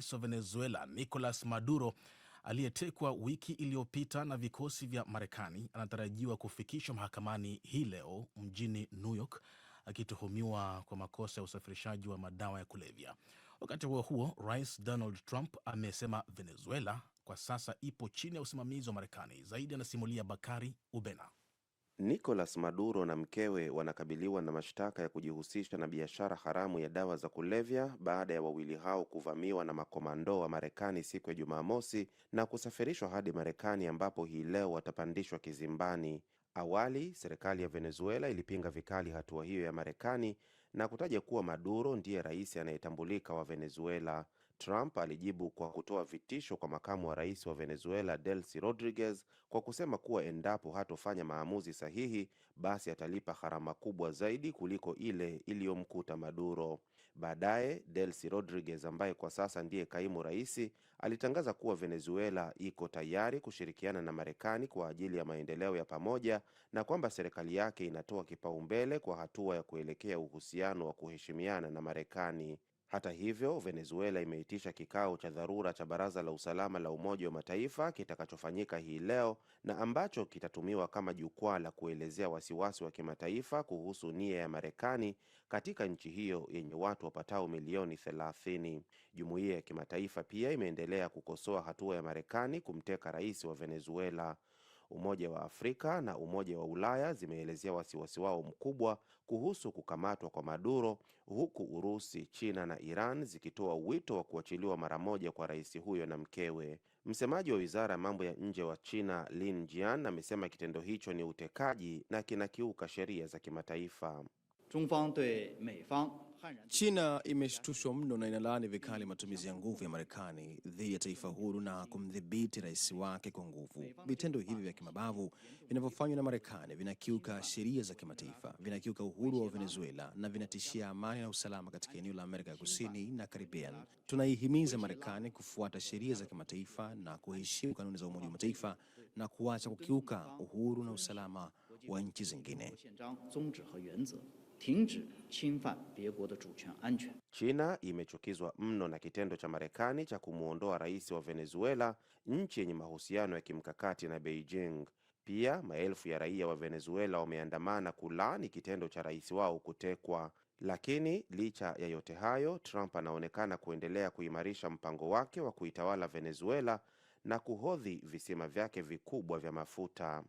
rais wa Venezuela Nicolas Maduro aliyetekwa wiki iliyopita na vikosi vya Marekani anatarajiwa kufikishwa mahakamani hii leo mjini New York akituhumiwa kwa makosa ya usafirishaji wa madawa ya kulevya. Wakati huo huo, rais Donald Trump amesema Venezuela kwa sasa ipo chini ya usimamizi wa Marekani. Zaidi anasimulia Bakari Ubena. Nicolas Maduro na mkewe wanakabiliwa na mashtaka ya kujihusisha na biashara haramu ya dawa za kulevya baada ya wawili hao kuvamiwa na makomando wa Marekani siku ya Jumamosi na kusafirishwa hadi Marekani ambapo hii leo watapandishwa kizimbani. Awali, serikali ya Venezuela ilipinga vikali hatua hiyo ya Marekani na kutaja kuwa Maduro ndiye rais anayetambulika wa Venezuela. Trump alijibu kwa kutoa vitisho kwa makamu wa rais wa Venezuela Delcy Rodriguez kwa kusema kuwa endapo hatofanya maamuzi sahihi, basi atalipa gharama kubwa zaidi kuliko ile iliyomkuta Maduro. Baadaye Delcy Rodriguez ambaye kwa sasa ndiye kaimu rais alitangaza kuwa Venezuela iko tayari kushirikiana na Marekani kwa ajili ya maendeleo ya pamoja na kwamba serikali yake inatoa kipaumbele kwa hatua ya kuelekea uhusiano wa kuheshimiana na Marekani. Hata hivyo, Venezuela imeitisha kikao cha dharura cha Baraza la Usalama la Umoja wa Mataifa kitakachofanyika hii leo na ambacho kitatumiwa kama jukwaa la kuelezea wasiwasi wa kimataifa kuhusu nia ya Marekani katika nchi hiyo yenye watu wapatao milioni 30. Jumuiya ya kimataifa pia imeendelea kukosoa hatua ya Marekani kumteka rais wa Venezuela. Umoja wa Afrika na Umoja wa Ulaya zimeelezea wasiwasi wao mkubwa kuhusu kukamatwa kwa Maduro, huku Urusi, China na Iran zikitoa wito wa kuachiliwa mara moja kwa rais huyo na mkewe. Msemaji wa wizara ya mambo ya nje wa China Lin Jian amesema kitendo hicho ni utekaji na kinakiuka sheria za kimataifa. Zhongfang China imeshtushwa mno na inalaani vikali matumizi ya nguvu ya Marekani dhidi ya taifa huru na kumdhibiti rais wake kwa nguvu. Vitendo hivi vya kimabavu vinavyofanywa na Marekani vinakiuka sheria za kimataifa, vinakiuka uhuru wa Venezuela na vinatishia amani na usalama katika eneo la Amerika ya Kusini na Caribbean. Tunaihimiza Marekani kufuata sheria za kimataifa na kuheshimu kanuni za Umoja wa Mataifa na kuacha kukiuka uhuru na usalama wa nchi zingine. 停止侵犯别国的主权安全。China imechukizwa mno na kitendo cha Marekani cha kumwondoa rais wa Venezuela, nchi yenye mahusiano ya kimkakati na Beijing. Pia maelfu ya raia wa Venezuela wameandamana kulaani kitendo cha rais wao kutekwa. Lakini licha ya yote hayo, Trump anaonekana kuendelea kuimarisha mpango wake wa kuitawala Venezuela na kuhodhi visima vyake vikubwa vya mafuta.